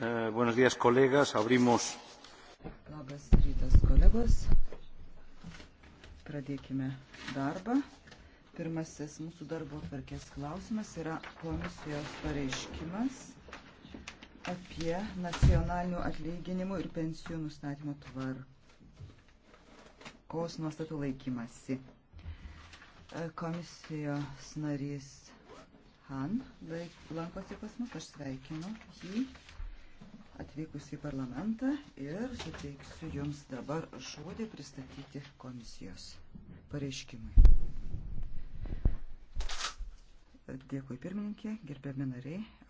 Eh, buenos días, colegas. Abrimos. Labas rytas, kolegos. Pradėkime darbą. Pirmasis mūsų darbo tvarkės klausimas yra komisijos pareiškimas apie nacionalinių atlyginimų ir pensijų nustatymo tvarkos nuostatų laikymasi. Eh, komisijos narys Han lankosi pas mus, aš sveikinu jį atvykus į parlamentą ir suteiksiu Jums dabar žodį pristatyti komisijos pareiškimui. Dėkui pirmininkė, gerbiami nariai.